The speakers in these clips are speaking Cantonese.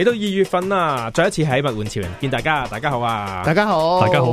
嚟到二月份啦，再一次喺物玩潮人見大家，大家好啊！大家好，大家好，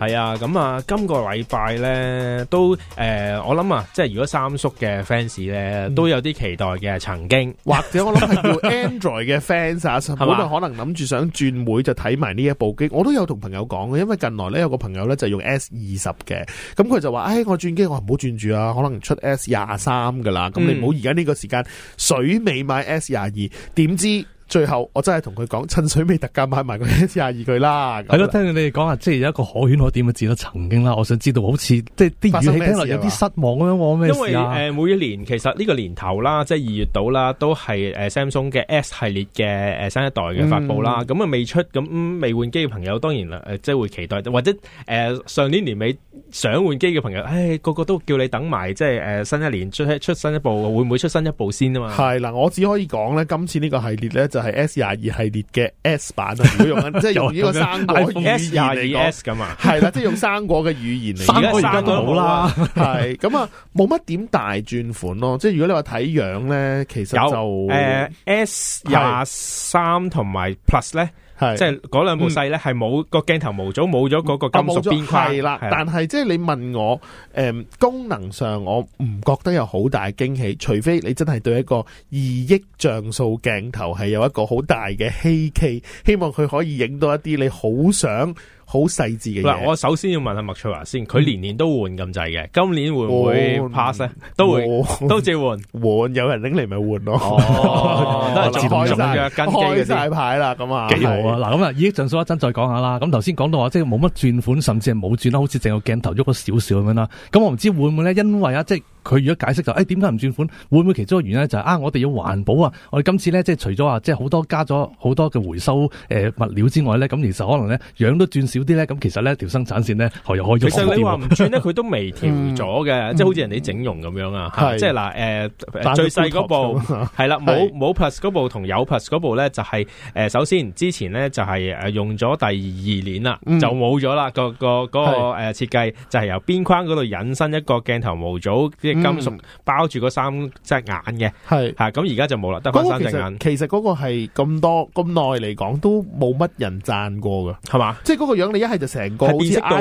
係啊！咁啊，今個禮拜咧，都誒、呃，我諗啊，即係如果三叔嘅 fans 咧，都有啲期待嘅，曾經或者我諗係叫 Android 嘅 fans 啊， 可能諗住想轉會就睇埋呢一部機，吧我都有同朋友講嘅，因為近來咧，有個朋友咧就用 S 二十嘅，咁佢就話，誒、哎，我轉機我唔好轉住啊，可能出 S 廿三噶啦，咁你唔好而家呢個時間、嗯、水尾買 S 廿二，點知？嗯最後我真係同佢講，趁水未特價買埋佢一至廿二佢啦。係咯，聽到你哋講啊，即係有一個可圈可點嘅字咯，曾經啦。我想知道，好似即係啲語氣聽落有啲失望咁樣，我咩事啊？因為誒、呃，每一年其實呢個年頭啦，即係二月到啦，都係 Samsung 嘅 S 系列嘅誒新一代嘅發佈啦。咁啊、嗯、未出，咁、嗯、未換機嘅朋友當然啦，即係會期待，或者誒、呃、上年年尾想換機嘅朋友，誒、哎、個個都叫你等埋，即係誒、呃、新一年出出新一部，會唔會出新一部先啊嘛？係嗱，我只可以講咧，今次呢個系列咧就。就係 S 廿二系列嘅 S 版，唔好 用緊，即、就、係、是、用呢個生果語言嚟 S 咁啊 ，係、 就是、啦，即係用生果嘅語言嚟講。生果而家都好啦，係咁啊，冇乜點大轉款咯，即係如果你話睇樣咧，其實就誒 S 廿三同埋 Plus 咧。呃 S 是是即係嗰兩部細呢，係冇個鏡頭模組，冇咗嗰個金屬邊框，啊、係啦。係啦，但係即係你問我，誒、嗯，功能上我唔覺得有好大驚喜，除非你真係對一個二億像素鏡頭係有一個好大嘅希冀，希望佢可以影到一啲你好想。好細緻嘅嗱，我首先要問下麥翠華先，佢年年都換咁滯嘅，嗯、今年會唔會 pass 都會，都借換換，有人拎嚟咪換咯，都係自動做嘅， 開晒了忌牌是啦，咁啊幾好啊！嗱，咁啊，二億像素一陣再講下啦。咁頭先講到話，即係冇乜轉款，甚至係冇轉啦，好似淨個鏡頭喐咗少少咁樣啦。咁我唔知會唔會咧，因為啊，即係。佢如果解釋就，誒點解唔轉款？會唔會其中個原因就係、是、啊？我哋要環保啊！我哋今次咧，即係除咗話，即係好多加咗好多嘅回收誒、呃、物料之外咧，咁其實可能咧樣都轉少啲咧，咁其實呢條生產線咧開又開咗？啊、其實你話唔轉咧，佢 都微調咗嘅，嗯、即係好似人哋整容咁樣啊！即係嗱誒，最細嗰部係啦，冇冇 plus 嗰部同有 plus 嗰部咧，就係誒首先之前咧就係誒用咗第二年啦，嗯、就冇咗啦個、嗰個嗰個誒設計就係由邊框嗰度引申一個鏡頭模組。嗯、金屬包住嗰三隻眼嘅，係是，咁而家就冇啦，得返三隻眼。其實嗰個係咁多咁耐嚟講都冇乜人讚過噶，係嘛吧？即係嗰個樣你一係就成個變色度高，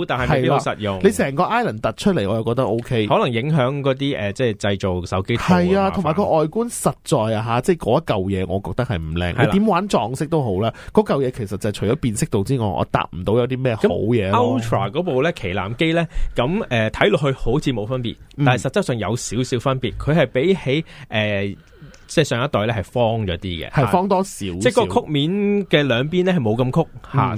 啦但係冇實用。你成個 island 凸出嚟，我又覺得 O、OK、K。可能影響嗰啲誒，即係製造手機係啊，同埋個外觀實在啊吓，即係嗰一嚿嘢，我覺得係唔靚。啦你點玩撞色都好啦，嗰嚿嘢其實就除咗變色度之外，我搭唔到有啲咩好嘢咯。Ultra 嗰部咧旗艦機咧，咁誒睇落去好似冇分別，嗯、但實質上有少少分別，佢係比起誒。呃即係上一代咧，係方咗啲嘅，係方多少、啊嗯，即係個曲面嘅兩邊咧係冇咁曲，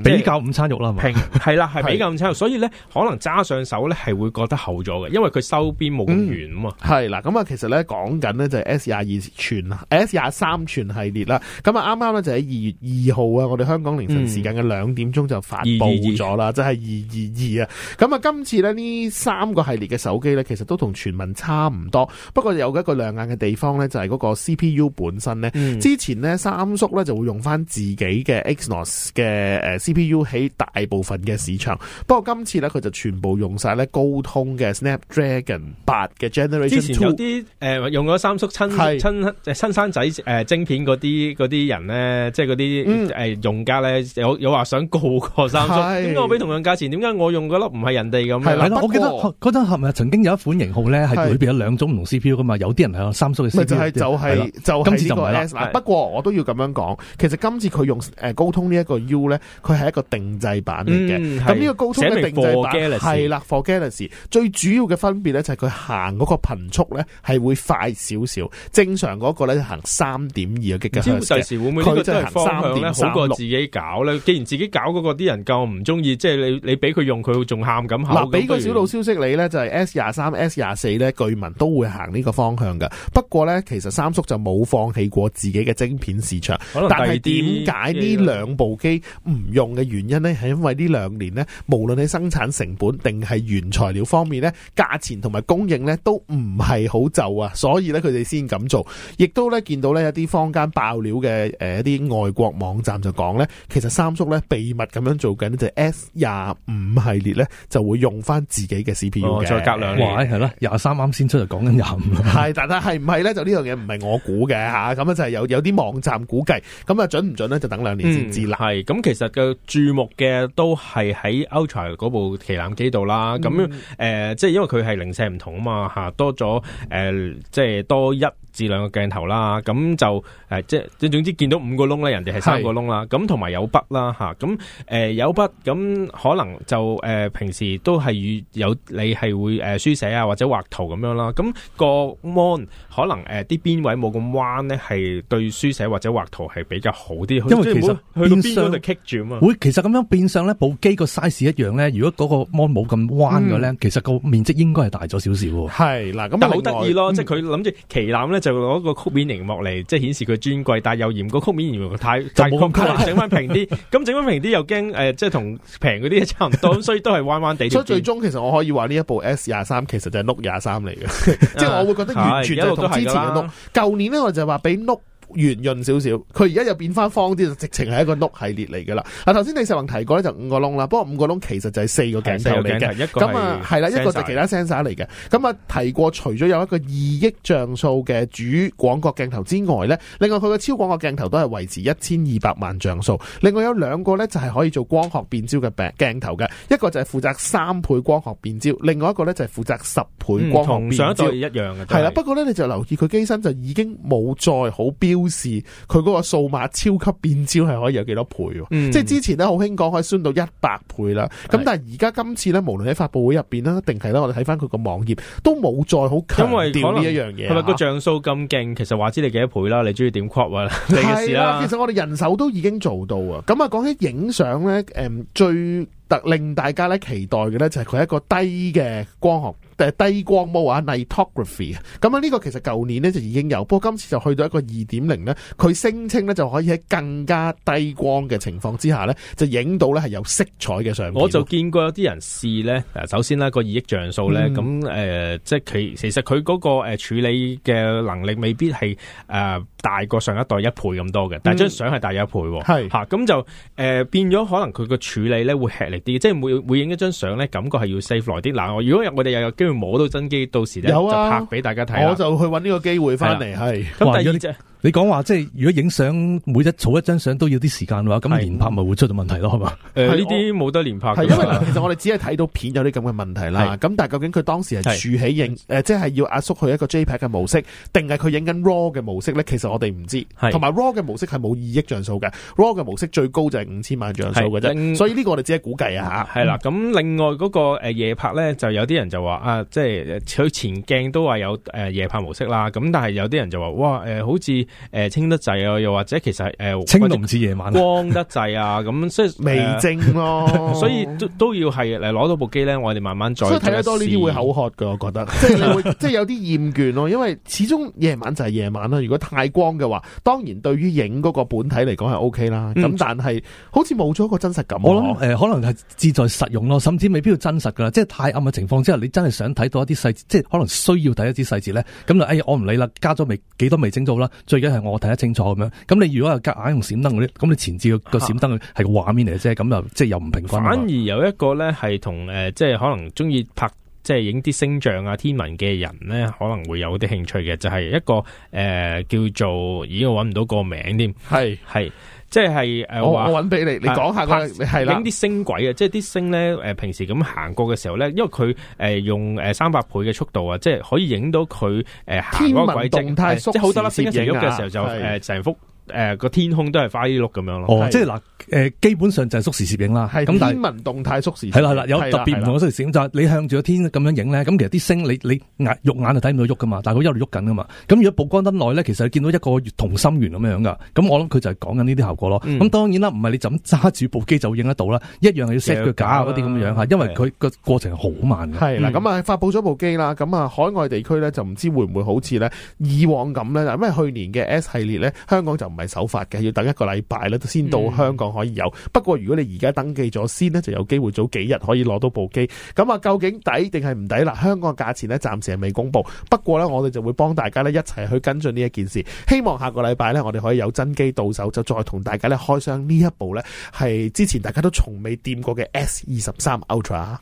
比較午餐肉啦嘛，係啦，係比較午餐肉，所以咧可能揸上手咧係會覺得厚咗嘅，因為佢收邊冇咁圓啊嘛。係、嗯、啦，咁啊，其實咧講緊呢就係 S 廿二全 S 廿三全系列啦，咁啊啱啱咧就喺二月二號啊，我哋香港凌晨時間嘅兩點鐘就發佈咗啦，嗯、即係二二二啊，咁啊今次咧呢三個系列嘅手機咧，其實都同傳聞差唔多，不過有一個亮眼嘅地方咧，就係嗰個 C P。C P U 本身咧，之前咧三叔咧就會用翻自己嘅 Exynos 嘅誒 C P U 喺大部分嘅市場，不過今次咧佢就全部用晒咧高通嘅 Snapdragon 八嘅 Generation。之前有啲誒、呃、用咗三叔親親誒親生仔誒晶片嗰啲啲人咧，即係嗰啲誒用家咧有有話想告過三叔，點解是 我俾同樣價錢，點解我用嗰粒唔係人哋咁？係的不過 我記得嗰陣係咪曾經有一款型號咧係裏邊有兩種唔同 C P U 噶嘛？有啲人係用三叔嘅 C P U。就係。就個 s, 今次就 S 啦，不過我都要咁樣講，其實今次佢用誒高通呢一個 U 咧，佢係一個定制版嚟嘅。咁呢、嗯、個高通嘅定制版係啦，For Galaxy 最主要嘅分別咧就係佢行嗰個頻速咧係會快少少，正常嗰個咧行三點二嘅即吉赫茲，會唔會呢個係行三點三六好過自己搞咧。既然自己搞嗰個啲人夠唔中意，即、就、係、是、你你俾佢用佢仲喊咁嗱，俾、啊、個小道消息你咧，就係、是、S 廿三、S 廿四咧，據聞都會行呢個方向嘅。不過咧，其實三叔就是就冇放棄過自己嘅晶片市場，但係點解呢兩部機唔用嘅原因咧，係因為呢兩年咧，無論喺生產成本定係原材料方面咧，價錢同埋供應咧，都唔係好就啊，所以咧佢哋先咁做，亦都咧見到咧一啲坊間爆料嘅誒一啲外國網站就講咧，其實三叔咧秘密咁樣做緊咧就 S 廿五系列咧就會用翻自己嘅 CPU 嘅，再隔兩年，係咯廿三啱先出就講緊廿五，係。但係係唔係咧？就呢樣嘢唔係我。估嘅吓，咁啊就係有有啲網站估計，咁啊準唔準咧？就等兩年先知啦。係，咁其實嘅注目嘅都係喺 Ultra 嗰部旗艦機度啦。咁誒、呃，即係因為佢係零舍唔同啊嘛嚇，多咗誒、呃，即係多一，自兩個鏡頭啦，咁就誒，即係即總之見到五個窿咧，人哋係三個窿啦，咁同埋有筆啦吓，咁誒有筆咁可能就誒、呃、平時都係有你係會誒、呃、書寫啊或者畫圖咁樣啦，咁、個 mon 可能誒啲邊位冇咁彎呢係對書寫或者畫圖係比較好啲，因為其實變相去到邊位就棘住啊嘛，會其實咁樣變相呢部機個 size 一樣呢，如果嗰個 mon 冇咁彎嘅咧，嗯、其實個面積應該係大咗少少，係嗱，咁好得意咯，外嗯、即係佢諗住旗艦咧。就攞一個曲面屏幕嚟，即係顯示佢尊貴，但係又嫌個曲面屏幕太，太就冇咁貴，整翻平啲。咁整翻平啲又驚，誒、呃，即係同平嗰啲差唔多， 所以都係彎彎地。所以最終其實我可以話呢一部 S 廿三其實就係 Note 廿三嚟嘅， 即係我會覺得完全即係同之前嘅 Note。舊年咧我就話比 Note。圓潤少少，佢而家又變翻方啲，就直情係一個碌系列嚟噶啦。啊，頭先李世宏提過咧就五個窿啦，不過五個窿其實就係四個鏡頭嚟嘅，咁啊係啦，的一個就其他 sensor 嚟嘅。咁啊提過除咗有一個二億像素嘅主廣角鏡頭之外咧，另外佢嘅超廣角鏡頭都係維持一千二百萬像素，另外有兩個咧就係可以做光學變焦嘅餅鏡頭嘅，一個就係負責三倍光學變焦，另外一個咧就係負責十倍光學變焦，嗯、一,一樣嘅係啦。不過咧你就留意佢機身就已經冇再好標。市佢嗰個數碼超級變焦係可以有幾多倍？嗯、即係之前咧好興講可以算到一百倍啦。咁是但係而家今次咧，無論喺發布會入邊啦，定係咧，我哋睇翻佢個網頁都冇再好強調呢一樣嘢。係咪個像素咁勁？其實話知你幾多倍啦，你中意點 crop 啦。啊、 你嘅事啦、啊。其實我哋人手都已經做到啊。咁啊，講起影相咧，誒，最特令大家咧期待嘅咧，就係佢一個低嘅光學。誒低光模啊，Nightography，咁啊呢個其實舊年咧就已經有，不過今次就去到一個二點零咧，佢聲稱咧就可以喺更加低光嘅情況之下咧，就影到咧係有色彩嘅相。我就見過有啲人試咧，首先咧個二億像素咧，咁誒、嗯呃、即係其其實佢嗰個誒處理嘅能力未必係誒、呃、大過上一代一倍咁多嘅，嗯、但係張相係大一倍，係嚇咁就誒、呃、變咗可能佢個處理咧會吃力啲，即係每每影一張相咧感覺係要 save 耐啲。嗱，如果我哋又有。不如摸到真機，到時咧、啊、就拍俾大家睇。我就去揾呢個機會翻嚟，係、啊。咁、啊、第二隻。你講話即係如果影相，每一儲一張相都要啲時間嘅話，咁連拍咪會出到問題咯，係嘛的？呢啲冇得連拍。係因為其實我哋只係睇到片有啲咁嘅問題啦。咁 的但係究竟佢當時係儲起影誒的、呃，即係要壓縮佢一個 JPEG 嘅模式，定係佢影緊 RAW 嘅模式咧？其實我哋唔知。同埋 RAW 嘅模式係冇二億像素嘅，RAW 嘅模式最高就係五千萬像素嘅啫。所以呢個我哋只係估計啊嚇。係啦，咁另外嗰個夜拍咧，就有啲人就話啊，即係佢前鏡都話有誒夜拍模式啦。咁但係有啲人就話哇誒、呃，好似～誒、呃、清得滯啊，又或者其實誒清到唔似夜晚光得滯 啊，咁所以微精咯，所以， 所以都，都要係嚟攞到部機咧，我哋慢慢再。所以睇得多呢啲會口渴㗎。我覺得即係即係有啲厭倦咯，因為始終夜晚就係夜晚啦。如果太光嘅話，當然對於影嗰個本體嚟講係 O K 啦。咁、嗯、但係好似冇咗一個真實感。我諗誒、呃，可能係志在實用咯，甚至未必要真實噶。即係太暗嘅情況之下，你真係想睇到一啲細節，即係可能需要睇一啲細節咧，咁就哎呀我唔理啦，加咗微幾多微精都好啦，即係我睇得清楚咁樣，咁你如果係夾硬用閃燈嗰啲，咁你前置個閃燈係個畫面嚟啫，咁又即係又唔平均。反而有一個咧係同誒，即係可能中意拍。即係影啲星象啊天文嘅人咧，可能會有啲興趣嘅，就係、是、一個誒、呃、叫做，已經搵唔到個名添，係係是，即係誒我搵俾你，你講下，係影啲星軌啊，即係啲星咧誒平時咁行過嘅時候咧，因為佢誒用誒三百倍嘅速度、就是、啊，即係可以影到佢誒行嗰個軌跡，即係好多粒星嘅時候就誒成幅。誒，個、呃、天空都係花衣碌咁樣咯。哦、的即係嗱，誒、呃，基本上就係縮時攝影啦。係咁，天文動態縮時係啦係啦，有特別唔同嘅縮時攝影就係你向住個天咁樣影咧，咁其實啲星你你眼肉眼就睇唔到喐噶嘛，但係佢一路喐緊噶嘛。咁如果曝光得耐咧，其實你見到一個月同心圓咁樣噶。咁我諗佢就係講緊呢啲效果咯。咁、嗯、當然啦，唔係你就咁揸住部機就影得到啦，一樣係要 set 個腳架嗰啲咁樣吓，啊、因為佢個的過程好慢係啦，咁啊的、嗯、發布咗部機啦，咁啊海外地區咧就唔知會唔會好似咧以往咁咧？因為去年嘅 S 系列咧，香港就。唔係首發嘅，要等一個禮拜咧，先到香港可以有。嗯、不過如果你而家登記咗先就有機會早幾日可以攞到部機。咁啊，究竟抵定係唔抵啦？香港價錢咧暫時係未公佈，不過呢，我哋就會幫大家一齊去跟進呢一件事。希望下個禮拜呢，我哋可以有真機到手，就再同大家咧開箱呢一部呢，係之前大家都從未掂過嘅 S 二十三 Ultra。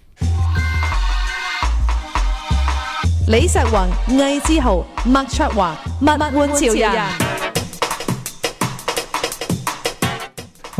李石宏、魏之豪、麥卓華、麥麥換潮人。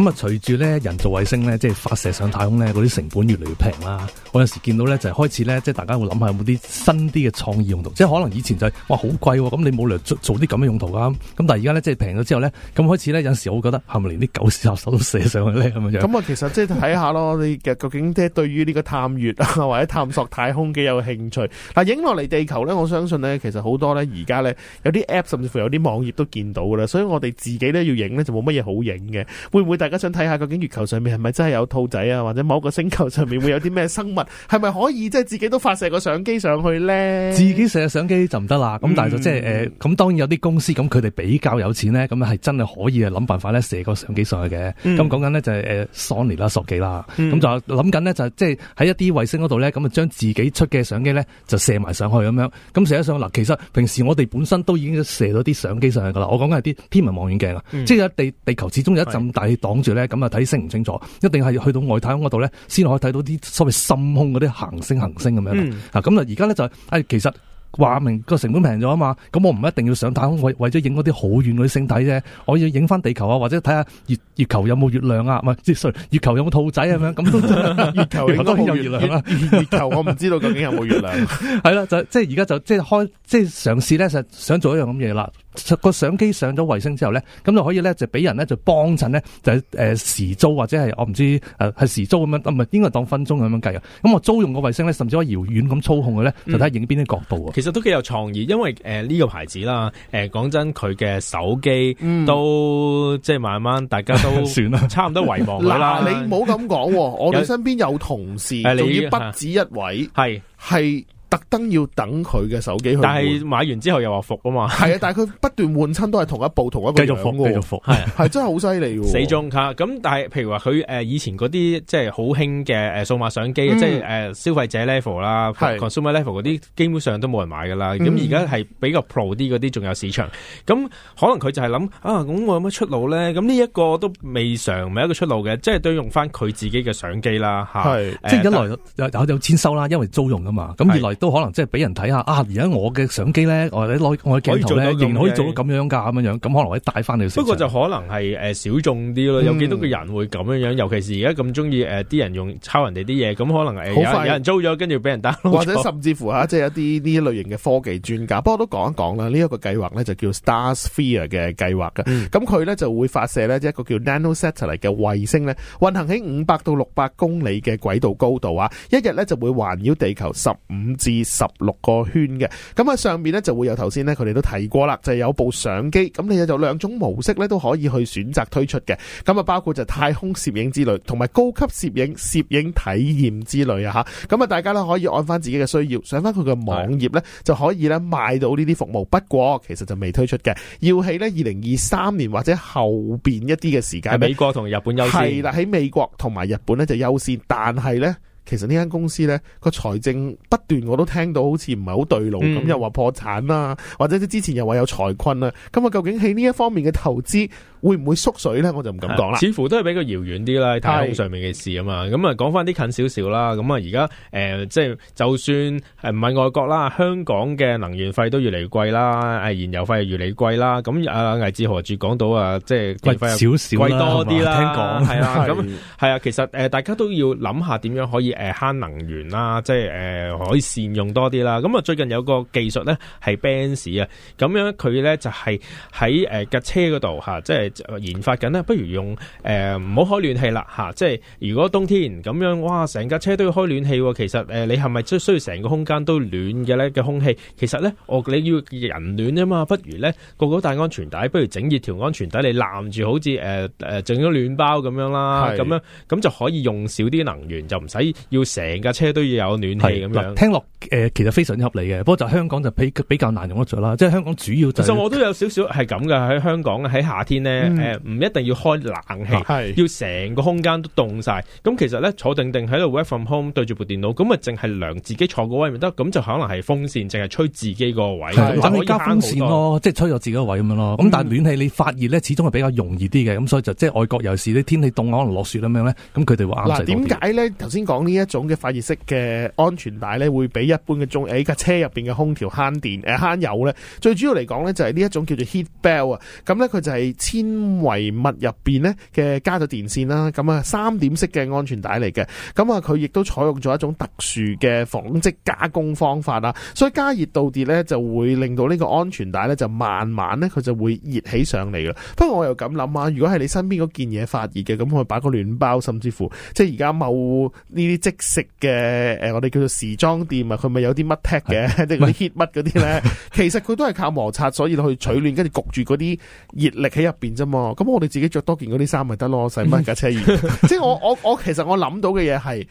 咁啊，隨住咧人造衛星咧，即係發射上太空咧，嗰啲成本越嚟越平啦。我有時見到咧，就係、開始咧，即係大家會諗下有冇啲新啲嘅創意用途，即係可能以前就係、係、哇好貴喎，咁你冇理由做啲咁嘅用途啊。咁，但係而家咧，即係平咗之後咧，咁開始咧有陣時我會覺得係咪連啲狗屎垃圾都射上去咧咁樣？咁啊，其實即係睇下咯，你嘅 究竟即係對於呢個探月或者探索太空幾有興趣？嗱，影落嚟地球咧，我相信咧，其實好多咧而家咧有啲 app 甚至乎有啲網頁都見到噶啦，所以我哋自己咧要影咧就冇乜嘢好影嘅，會唔會？大家想睇下究竟月球上面係咪真係有兔仔啊？或者某個星球上面會有啲咩生物？係咪 可以即係自己都發射個相機上去咧？自己射個相機就唔得啦。咁、嗯、但係就即係誒，咁、呃、當然有啲公司咁，佢哋比較有錢咧，咁係真係可以啊，諗辦法咧射個相機上去嘅。咁講緊咧就係誒，索尼啦、索技啦、咁、嗯嗯、就諗緊咧就即係喺一啲衛星嗰度咧，咁啊將自己出嘅相機咧就射埋上去咁樣。咁射得上嗱，其實平時我哋本身都已經射到啲相機上去噶啦。我講緊係啲天文望遠鏡啦，即係地地球始終有一陣大講住咧，咁啊睇星唔清楚，一定係去到外太空嗰度咧，先可以睇到啲所謂深空嗰啲行、行星、行星咁樣。啊，咁啊，而家咧就誒，其實話明個成本平咗啊嘛。咁我唔一定要上太空為為咗影嗰啲好遠嗰啲星體啫，我要影翻地球啊，或者睇下月月球有冇月亮啊？唔係，即係月球有冇兔仔咁、啊、樣？咁都 月球都好有月亮。月球我唔知道究竟有冇月亮。係啦，就即係而家就即係開即係嘗試咧，就想做一樣咁嘢啦。個相機上咗衛星之後咧，咁就可以咧就俾人咧就幫襯咧就誒時租或者係我唔知誒係、呃、時租咁樣，唔係應該當分鐘咁樣計嘅。咁我租用個衛星咧，甚至可以遙遠咁操控佢咧，就睇下影邊啲角度、嗯、其實都幾有創意，因為誒呢、呃這個牌子啦，誒、呃、講真，佢嘅手機都、嗯、即係慢慢大家都算啦，差唔多遺忘噶啦。你唔好咁講，我哋身邊有同事，你有不止一位，係係。啊特登要等佢嘅手機去，但係買完之後又話服啊嘛。係啊，但係佢不斷換親都係同一部同一個樣嘅喎。繼續服，繼續服，係真係好犀利喎。死忠㗎咁，但係譬如話佢以前嗰啲即係好興嘅誒數碼相機，即係消費者 level 啦，consumer level 嗰啲基本上都冇人買㗎啦。咁而家係比較 pro 啲嗰啲仲有市場。咁可能佢就係諗啊，咁我有乜出路咧？咁呢一個都未嘗唔係一個出路嘅，即係都用翻佢自己嘅相機啦嚇。係，即係一來有有錢收啦，因為租用啊嘛。咁二來都可能即係俾人睇下啊！而家我嘅相機咧，或者攞我嘅鏡頭咧，仍可以做到咁樣㗎咁樣樣，咁可能可以帶翻去。不過就可能係誒少眾啲咯，有幾多個人會咁樣樣？尤其是而家咁中意誒啲人用抄人哋啲嘢，咁可能誒好快有人租咗，跟住俾人 download。或者甚至乎啊，即係一啲呢類型嘅科技專家。不過都講一講啦，呢一個計劃咧就叫 Starsphere 嘅計劃嘅。咁佢咧就會發射咧一個叫 NanoSatellite 嘅衛星咧，運行喺五百到六百公里嘅軌道高度啊，一日咧就會環繞地球十五至二十六個圈嘅，咁啊上面呢，就會有頭先呢，佢哋都提過啦，就係、有部相機，咁你有就兩種模式呢，都可以去選擇推出嘅，咁啊包括就太空攝影之類，同埋高級攝影攝影體驗之類啊吓，咁啊大家呢可以按翻自己嘅需要，上翻佢嘅網頁呢，就可以呢買到呢啲服務，是的 不過其實就未推出嘅，要喺呢二零二三年或者後邊一啲嘅時間，美國同日本優先係啦，喺美國同埋日本呢，就優先，但係呢。其實呢間公司呢，個財政不斷，我都聽到好似唔係好對路咁，又話破產啦，或者之前又話有財困啦。咁啊，究竟喺呢一方面嘅投資，會唔會縮水咧？我就唔敢講啦。似乎都係比較遙遠啲啦，太空上面嘅事啊嘛。咁啊的，講翻啲近少少啦。咁啊，而家誒，即、就、係、是、就算誒唔係外國啦，香港嘅能源費都越嚟越貴啦。誒，燃油費越嚟越貴啦。咁啊，魏志豪住講到啊，即係貴少少，貴多啲啦。聽講係啦。咁係啊。其實誒、呃，大家都要諗下點樣可以誒慳、呃、能源啦，即係誒、呃、可以善用多啲啦。咁啊，最近有個技術咧係 Benz 啊，咁樣佢咧就係喺誒架車嗰度吓，即係。研發緊咧，不如用誒唔好開暖氣啦吓，即係如果冬天咁樣，哇成架車都要開暖氣，其實誒、呃、你係咪真需要成個空間都暖嘅咧嘅空氣？其實咧我你要人暖啊嘛，不如咧個個戴安全帶，不如整熱條安全帶，你攬住好似誒誒整咗暖包咁樣啦，咁是樣咁就可以用少啲能源，就唔使要成架車都要有暖氣咁樣。聽落誒，其實非常之合理嘅，不過就香港就比比較難用得著啦，即、就、係、是、香港主要、就是。就。其實我都有少少係咁嘅喺香港，喺夏天咧。誒，唔、嗯呃、一定要開冷氣，啊、要成個空間都凍晒。咁其實咧坐定定喺度 work from home，對住部電腦，咁啊淨係涼自己坐個位咪得，咁就可能係風扇淨係吹自己個位。咁你的加風扇咯，即係吹咗自己個位咁樣咯。咁但係暖氣你發熱咧，始終係比較容易啲嘅。咁、嗯、所以就即係外國，尤其是啲天氣凍，可能落雪咁樣咧，咁佢哋會啱點解咧？頭先講呢一種嘅發熱式嘅安全帶咧，會比一般嘅中架、啊、車入邊嘅空調慳電慳、呃、油咧？嗯、最主要嚟講咧，就係呢一種叫做 heat belt 啊。咁咧佢就係纖維物入邊呢，嘅加咗電線啦，咁啊三點式嘅安全帶嚟嘅，咁啊佢亦都採用咗一種特殊嘅紡織加工方法啦，所以加熱到熱呢，就會令到呢個安全帶呢，就慢慢呢，佢就會熱起上嚟啦。不過我又咁諗啊，如果係你身邊嗰件嘢發熱嘅，咁佢擺個暖包，甚至乎即係而家某呢啲即食嘅誒，我哋叫做時裝店啊，佢咪有啲乜踢嘅，即嗰啲 heat 乜嗰啲呢？其實佢都係靠摩擦，所以去取暖，跟住焗住嗰啲熱力喺入邊。咁我哋自己着多件嗰啲衫咪得咯，使乜架車熱？ 即係我我我其實我諗到嘅嘢係。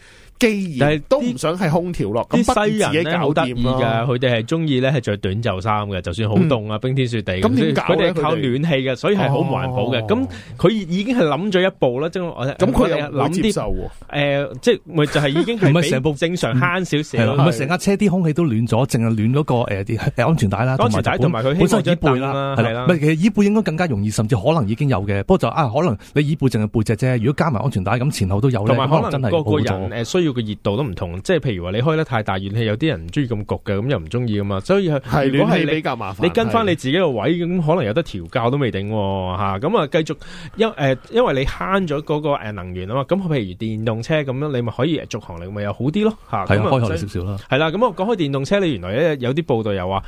但係都唔想係空調咯，咁，西人咧好得意噶，佢哋係中意咧係着短袖衫嘅，就算好凍啊，冰天雪地咁，佢哋靠暖氣嘅，所以係好唔環保嘅。咁佢已經係諗咗一步啦，即係我諗。咁佢又諗啲誒，即係咪就係已經係唔係成部正常慳少少？唔係成架車啲空氣都暖咗，淨係暖嗰個啲安全帶啦。安全帶同埋佢本身椅背啦，係啦。唔係其實椅背應該更加容易，甚至可能已經有嘅。不過就啊，可能你椅背淨係背脊啫。如果加埋安全帶咁，前後都有咧。同埋可能個個人需要。個熱度都唔同，即係譬如話你開得太大，暖氣有啲人唔中意咁焗嘅，咁又唔中意噶嘛，所以係如果係你比較麻煩你跟翻你自己個位，咁的可能有得調教都未定吓，咁啊繼續因誒，因為你慳咗嗰個誒能源啊嘛，咁、嗯嗯、譬如電動車咁樣、嗯，你咪可以續航力咪又好啲咯吓，係、嗯、啊，的開少少啦，係啦、嗯，咁啊講開電動車，你原來咧有啲報道又話。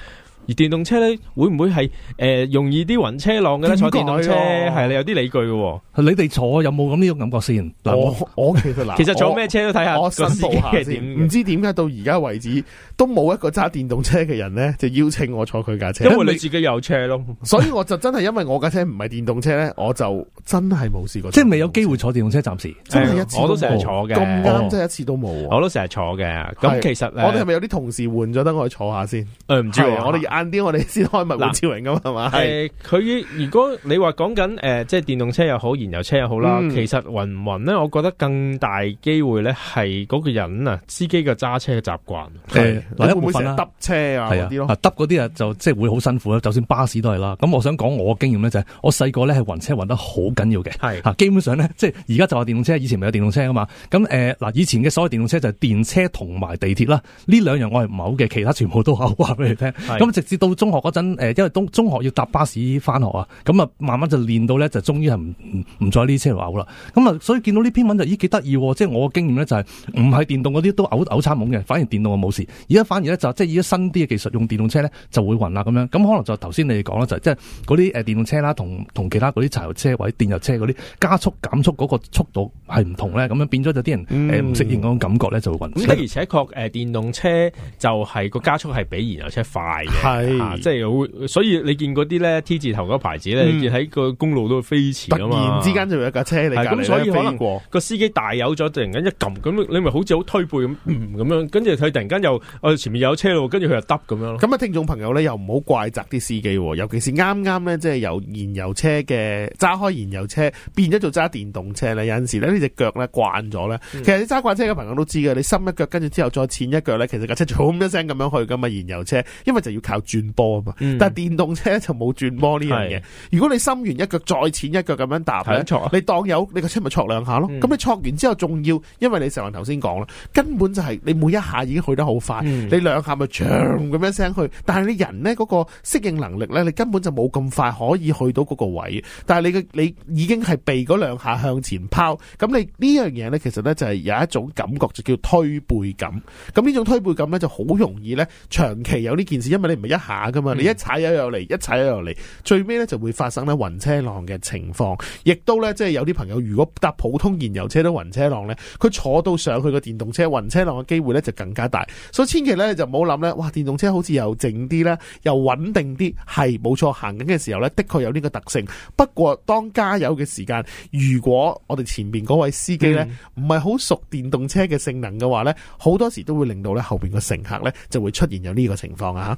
而電動車咧，會唔會係誒容易啲暈車浪嘅咧？坐電動車，係你有啲理據嘅，你哋坐有冇咁呢種感覺先？嗱，我其實坐咩車都睇下，我試下先。唔知點解到而家為止都冇一個揸電動車嘅人咧，就邀請我坐佢架車。因為你自己有車咯，所以我就真係因為我架車唔係電動車咧，我就真係冇試過。即係未有機會坐電動車，暫時真係一次我都成日坐嘅，咁啱真係一次都冇。我都成日坐嘅，咁其實我哋係咪有啲同事換咗，等我坐下先？誒，唔知我哋。晏啲我哋先開咪胡志榮，咁係嘛？誒喇，佢吧、呃、如果你話講緊誒，即係電動車又好，燃油車又好啦，嗯、其實暈唔暈咧？我覺得更大機會咧，係嗰個人是、呃、啊，司機嘅揸車嘅習慣，誒，會唔會成日搭車啊？嗰啲咯，搭嗰啲啊，就即係會好辛苦咯。就算巴士都係啦。咁我想講我嘅經驗咧就係、是，我細個咧係暈車暈得好緊要嘅，係是基本上咧即係而家就話電動車，以前咪有電動車啊嘛。咁誒嗱，以前嘅所謂電動車就係電車同埋地鐵啦。呢兩樣我係唔好嘅，其他全部都話俾你聽，咁至到中學嗰陣，因為中中學要搭巴士返學啊，咁啊，慢慢就練到咧，就終於係唔唔再呢車度嘔啦。咁啊，所以見到呢篇文就咦幾得意喎，即係我嘅經驗咧、就是，就係唔係電動嗰啲都嘔嘔差懵嘅，反而電動啊冇事。而家反而咧就即、是、係以家新啲嘅技術，用電動車咧就會暈啦咁樣。咁可能就頭先你講啦，就即係嗰啲誒電動車啦，同同其他嗰啲柴油車或者電油車嗰啲加速減速嗰個速度係唔同咧，咁樣變咗就啲人誒唔適應嗰種感覺咧就會暈。咁而且確誒電動車就係個加速係比燃油車快嘅。係、哎啊，即係好，所以你見嗰啲咧 T 字頭嗰個牌子，咧，你見喺個公路都飛馳啊，突然之間就有一架車嚟，咁、嗯、所以可能個司機大有咗，突然間一撳咁，你咪好似好推背咁，咁、嗯、樣跟住佢突然間又、啊，前面又有車咯，跟住佢又耷咁樣咯，咁啊、嗯，聽眾朋友咧又唔好怪責啲司機，尤其是啱啱咧即係由燃油車嘅揸開燃油車變咗做揸電動車咧，有陣時咧呢隻腳咧慣咗咧，你呢慣嗯、其實揸慣車嘅朋友都知嘅，你深一腳跟住之後再淺一腳咧，其實架車就咁一聲咁樣去噶嘛，燃油車，因為就要靠。轉波啊嘛，但係電動車就冇轉波呢樣嘢。如果你深完一腳，再淺一腳咁樣踏，你當有你個車咪挫兩下咯。咁、嗯、你挫完之後，仲要，因為你成人頭先講啦，根本就係你每一下已經去得好快，嗯、你兩下咪長咁樣聲去。但係你人呢嗰個適應能力呢，你根本就冇咁快可以去到嗰個位。但係你嘅你已經係避嗰兩下向前拋，咁你呢樣嘢呢，其實呢就係有一種感覺，就叫推背感。咁呢種推背感呢，就好容易呢，長期有呢件事，因為你唔係。一下噶嘛，你一踩油又嚟，一踩油又嚟，最尾咧就會發生咧暈車浪嘅情況，亦都咧，即係有啲朋友如果搭普通燃油車都暈車浪呢，佢坐到上去個電動車暈車浪嘅機會咧就更加大，所以千祈咧就唔好諗呢：「哇，電動車好似又靜啲呢，又穩定啲，係冇錯，行緊嘅時候呢，的確有呢個特性。」不過當加油嘅時間，如果我哋前面嗰位司機呢唔係好熟電動車嘅性能嘅話呢，好、嗯、多時都會令到呢後邊個乘客呢就會出現有呢個情況啊。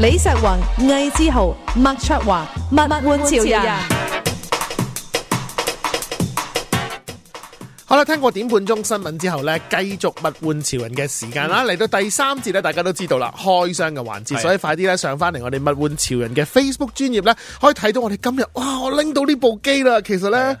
李石宏、魏志豪、麥卓華、物、物玩潮人。好啦，聽過點半鐘新聞之後咧，繼續物玩潮人嘅時間啦。嚟、嗯、到第三節咧，大家都知道啦，開箱嘅環節，的所以快啲咧上返嚟我哋物玩潮人嘅 Facebook 專頁呢，可以睇到我哋今日哇，我拎到呢部機啦，其實呢。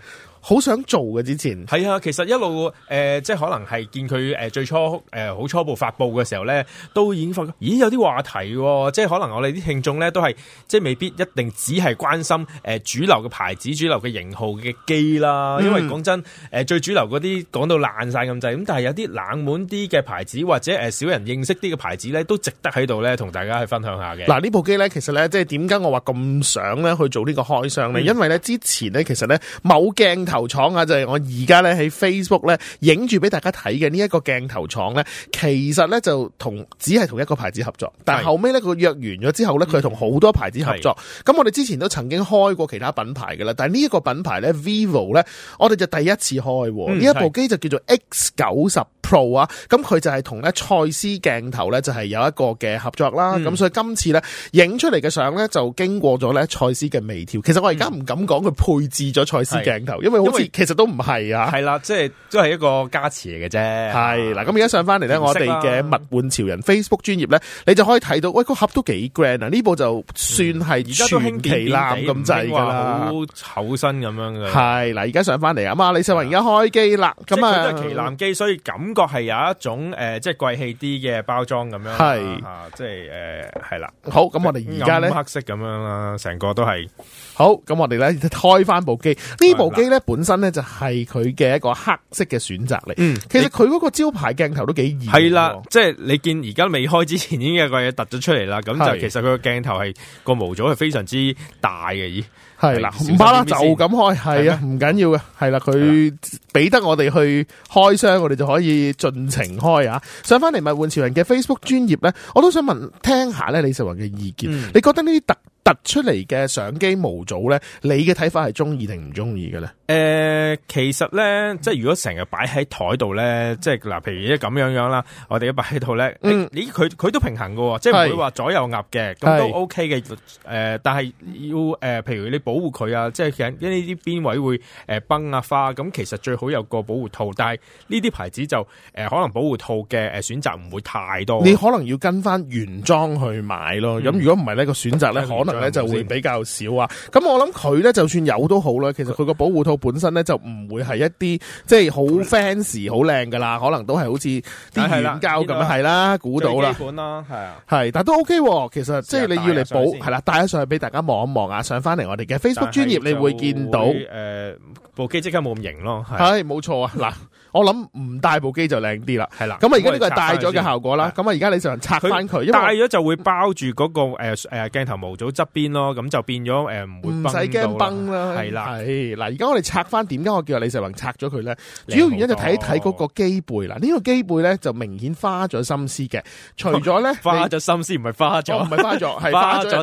好想做嘅之前，係啊，其實一路誒、呃，即係可能係見佢誒，最初誒，好、呃、初步發佈嘅時候咧，都已經發覺，咦，有啲話題、啊，即係可能我哋啲聽眾咧，都係即係未必一定只係關心誒、呃、主流嘅牌子、主流嘅型號嘅機啦。因為講真，誒、呃、最主流嗰啲講到爛晒咁滯，咁但係有啲冷門啲嘅牌子或者誒少人認識啲嘅牌子咧，都值得喺度咧同大家去分享下嘅。嗱，部呢部機咧，其實咧，即係點解我話咁想咧去做呢個開箱咧？嗯、因為咧之前咧，其實咧某鏡頭。頭廠啊，就係我而家咧喺 Facebook 咧影住俾大家睇嘅呢一個鏡頭廠咧，其實咧就同只係同一個牌子合作，但後尾咧佢約完咗之後咧，佢同好多牌子合作。咁我哋之前都曾經開過其他品牌噶啦，但呢一個品牌咧 Vivo 咧，ivo，我哋就第一次開呢一部機就叫做 X90。Pro 啊，咁佢就係同咧蔡司鏡頭咧就係有一個嘅合作啦，咁所以今次咧影出嚟嘅相咧就經過咗咧蔡司嘅微調。其實我而家唔敢講佢配置咗蔡司鏡頭，因為好似其實都唔係啊，係啦，即係都係一個加持嚟嘅啫。係嗱，咁而家上翻嚟咧，我哋嘅物玩潮人 Facebook 專頁咧，你就可以睇到，喂，個盒都幾 grand 啊！呢部就算係而家都輕旗艦咁制噶啦，好厚身咁樣嘅。係嗱，而家上翻嚟啊，阿李生話而家開機啦，咁啊，旗艦機，所以感。個係有一種誒，即係貴氣啲嘅包裝咁樣，係啊，即係誒，係啦。好，咁我哋而家咧，黑色咁樣啦，成個都係。好。咁我哋咧開翻部機，呢部機咧本身咧就係佢嘅一個黑色嘅選擇嚟。嗯，其實佢嗰個招牌鏡頭都幾易。係啦，即係你見而家未開之前已經有個嘢突咗出嚟啦。咁就其實佢個鏡頭係個模組係非常之大嘅。咦，係啦，唔怕啦，就咁開，係啊，唔緊要嘅。係啦，佢俾得我哋去開箱，我哋就可以。盡情開啊！上返嚟物玩潮人嘅 Facebook 專頁咧，我都想問聽下咧李世雲嘅意見，你覺得呢啲特凸出嚟嘅相機模組咧，你嘅睇法係中意定唔中意嘅咧？誒、呃，其實咧、嗯，即係如果成日擺喺台度咧，即係嗱，譬如一咁樣樣啦，我哋一擺喺度咧，你你佢佢都平衡喎，是 即係唔會話左右壓嘅，咁是 都 OK 嘅。誒、呃，但係要誒、呃，譬如你保護佢啊，即係因呢啲邊位會誒崩啊花，咁其實最好有個保護套。但係呢啲牌子就誒、呃、可能保護套嘅誒選擇唔會太多，你可能要跟翻原裝去買咯。咁、嗯、如果唔係呢個選擇咧可能。就會比較少啊。咁我諗佢咧就算有都好啦，其實佢個保護套本身咧就唔會係一啲即係好 fancy 好靚噶啦，可能都係好似啲軟膠咁樣係啦，估到啦。基本啦係啊，係，但都 OK 喎。其實即係你要嚟保係啦，帶咗上去俾大家望一望啊，上翻嚟我哋嘅 Facebook 專頁你會見到誒部機即刻冇咁型咯。係冇錯啊。嗱，我諗唔帶部機就靚啲啦。係啦，咁啊而家呢個係帶咗嘅效果啦，咁啊而家你就拆翻佢，帶咗就會包住嗰個誒誒鏡頭模組。側邊咯，咁就變咗誒唔會崩，唔使驚崩啦。係啦，係嗱，而家我哋拆翻點解我叫李世宏拆咗佢咧？主要原因就睇睇嗰個機背啦。呢個機背咧就明顯花咗心思嘅。除咗咧花咗心思，唔係花咗，唔係花咗，係花咗。花就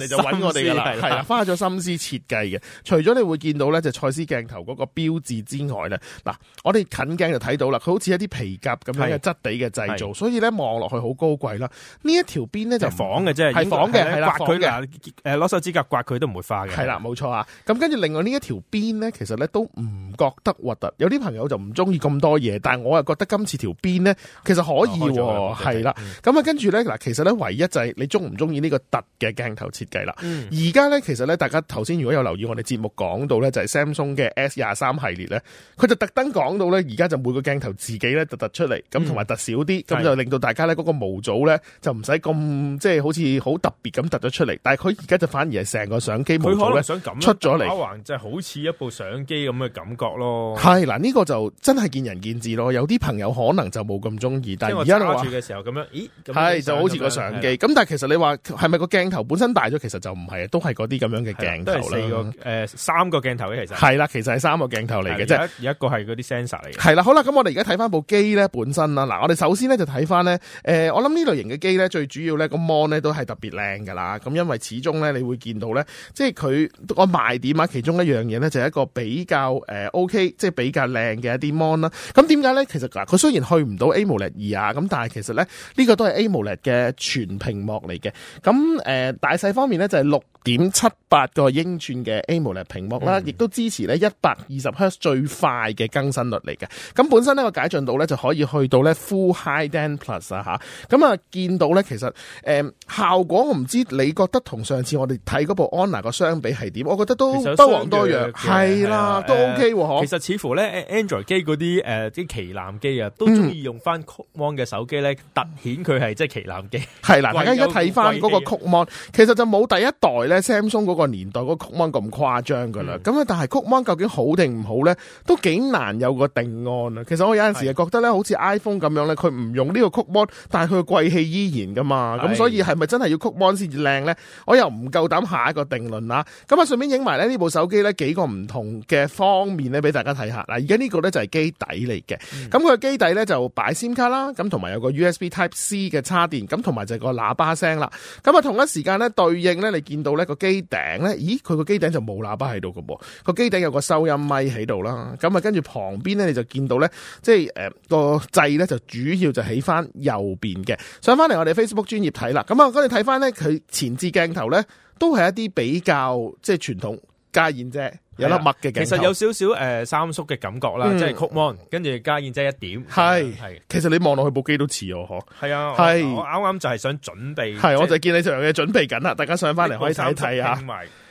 我哋噶啦，係啦花咗心思設計嘅。除咗你會見到咧，就蔡司鏡頭嗰個標誌之外咧，嗱，我哋近鏡就睇到啦。佢好似一啲皮革咁樣嘅質地嘅製造，所以咧望落去好高貴啦。呢一條邊咧就仿嘅啫，係仿嘅，係刮佢嘅誒。呃我手指甲刮佢都唔會化嘅，係啦，冇錯啊。咁跟住另外呢一條邊呢，其實呢都唔覺得核突。有啲朋友就唔中意咁多嘢，但係我又覺得今次條邊呢，其實可以係啦。咁啊、哦，跟住的、嗯、呢，嗱，其實呢，唯一就係你中唔中意呢個突嘅鏡頭設計啦。而家、嗯、呢，其實呢，大家頭先如果有留意我哋節目講到呢，就係 Samsung 嘅 S 廿三系列呢，佢就特登講到呢，而家就每個鏡頭自己呢突突出嚟，咁同埋突少啲，咁的就令到大家呢，嗰個模組呢，就唔使咁即係好似好特別咁突咗出嚟。但係佢而家就。反而係成個相機模組想咧出咗嚟，還即係好似一部相機咁嘅感覺咯。係嗱，呢個就真係見仁見智咯。有啲朋友可能就冇咁中意，但係而家嘅時候咁樣，咦？係就好似個相機咁。的但係其實你話係咪個鏡頭本身大咗？其實就唔係啊，都係嗰啲咁樣嘅鏡頭四個誒、呃，三個鏡頭嘅其實係啦，其實係三個鏡頭嚟嘅啫。有一個係嗰啲 sensor 嚟嘅。係啦，好啦，咁我哋而家睇翻部機咧本身啦。嗱，我哋首先咧就睇翻咧，誒、呃，我諗呢類型嘅機咧最主要咧個 mon 咧都係特別靚噶啦。咁因為始終咧你。會見到咧，即係佢個賣點啊，其中一樣嘢咧就係一個比較誒 OK，即係比較靚嘅一啲 mon 啦。咁點解咧？其實嗱，佢雖然去唔到 AMOLED 二啊，咁但係其實咧呢個都係 AMOLED 嘅全屏幕嚟嘅。咁誒、呃、大細方面咧就係六點七八個英寸嘅 AMOLED 屏幕啦，嗯、亦都支持咧一百二十赫茲最快嘅更新率嚟嘅。咁本身呢個解像度咧就可以去到咧 Full High Den Plus 啊吓。咁啊見到咧其實誒、呃、效果，我唔知你覺得同上次我哋。睇嗰部安娜個相比係點？我覺得都不遑多讓，係啦，啊呃、都 OK 喎、呃。其實似乎咧，Android 機嗰啲誒啲旗艦機啊，都中意用翻曲 mon 嘅手機咧，突、嗯、顯佢係即係旗艦機。係啦、啊，大家而家睇翻嗰個曲 mon，其實就冇第一代咧 Samsung 嗰個年代個曲 mon 咁誇張㗎啦。咁啊、嗯，但係曲 mon 究竟好定唔好咧，都幾難有個定案啦。其實我有陣時係覺得咧，是好似 iPhone 咁樣咧，佢唔用呢個曲 mon，但係佢嘅貴氣依然㗎嘛。咁是所以係咪真係要曲 mon 先至靚咧？我又唔夠。好等下一個定論啦，咁啊順便影埋咧呢部手機咧幾個唔同嘅方面咧俾大家睇下。嗱，而家呢個咧就係機底嚟嘅，咁佢機底咧就擺 SIM 卡啦，咁同埋有個 USB Type C 嘅插電，咁同埋就係個喇叭聲啦。咁啊同一時間咧對應咧，你見到咧個機頂咧，咦佢個機頂就冇喇叭喺度㗎噃，個機頂有個收音咪喺度啦。咁啊跟住旁邊咧你就見到咧，即係誒個掣咧就主要就喺翻右邊嘅。上翻嚟我哋 Facebook 專頁睇啦，咁啊跟你睇翻咧佢前置鏡頭咧。都係一啲比較即係傳統加染啫，有粒墨嘅感覺，其實有少少誒三叔嘅感覺啦，即係曲 mon，跟住加染即一點，係係，其實你望落去部機都似我嗬，係啊，係我啱啱就係想準備，係我就見你成樣嘢準備緊啦，大家上翻嚟可以睇睇啊，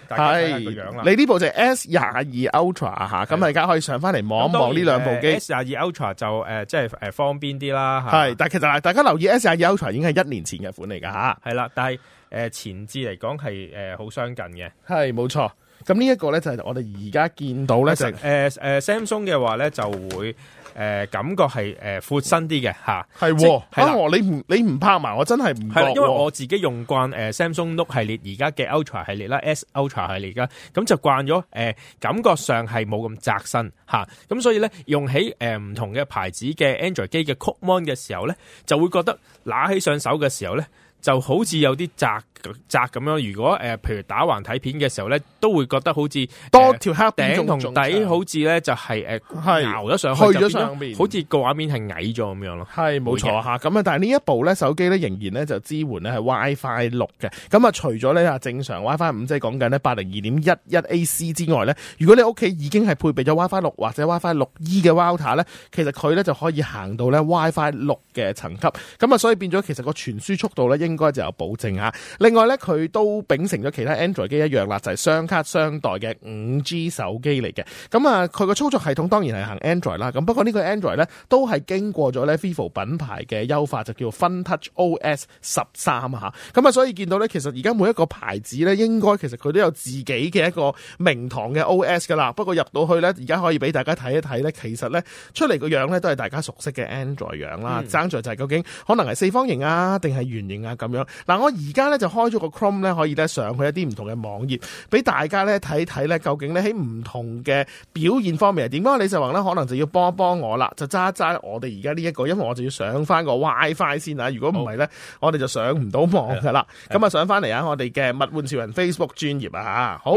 係，你呢部就 S 廿二 Ultra 吓，咁大家可以上翻嚟望一望呢兩部機，S 廿二 Ultra 就誒即係誒方便啲啦，係，但係其實大家留意 S 廿二 Ultra 已經係一年前嘅款嚟噶吓，係啦，但係。誒前置嚟講係好相近嘅，係冇錯。咁呢一個咧就係我哋而家見到咧就誒 Samsung 嘅話咧就會誒、呃、感覺係誒、呃、闊身啲嘅吓，係喎係啦。你唔你唔拍埋我真係唔落，因為我自己用慣 Samsung、呃、Note 系列而家嘅 Ultra 系列啦，S Ultra 系列㗎，咁就慣咗誒、呃、感覺上係冇咁窄身吓，咁、啊、所以咧用起誒唔、呃、同嘅牌子嘅 Android 機嘅曲 mon 嘅時候咧，就會覺得拿起上手嘅時候咧。就好似有啲窄窄咁樣。如果誒、呃、譬如打橫睇片嘅時候咧，都會覺得好似多條黑頂同、呃、底好、就是，好似咧就係誒係咗上去，咗上面，好似個畫面係矮咗咁樣咯。係冇錯吓咁啊，的但係呢一部咧手機咧，仍然咧就支援咧係 WiFi 六嘅。咁啊，除咗咧啊正常 WiFi 五即係講緊咧八零二點一一 AC 之外咧，如果你屋企已經係配備咗 WiFi 六或者 WiFi 六 E 嘅 router 咧，其實佢咧就可以行到咧 WiFi 六嘅層級，咁啊，所以變咗其實個傳輸速度咧應應該就有保證吓。另外呢，佢都秉承咗其他 Android 機一樣啦，就係、是、雙卡雙待嘅五 G 手機嚟嘅。咁啊，佢個操作系統當然係行 Android 啦。咁不過呢個 Android 呢，都係經過咗呢 Vivo 品牌嘅優化，就叫 FunTouch OS 十三啊吓。咁啊，所以見到呢，其實而家每一個牌子呢，應該其實佢都有自己嘅一個名堂嘅 OS 噶啦。不過入到去呢，而家可以俾大家睇一睇呢，其實呢，出嚟個樣呢，都係大家熟悉嘅 Android 樣啦。嗯、爭在就係究竟可能係四方形啊，定係圓形啊？咁樣嗱、啊，我而家咧就開咗個 Chrome 咧，可以咧上去一啲唔同嘅網頁，俾大家咧睇睇咧究竟咧喺唔同嘅表現方面係點。咁啊，李世宏咧可能就要幫幫我啦，就揸一揸我哋而家呢一個，因為我就要上翻個 WiFi 先啦、啊、如果唔係咧，好我哋就上唔到網噶啦。咁啊，就上翻嚟啊，我哋嘅物換潮人 Facebook 專頁啊，好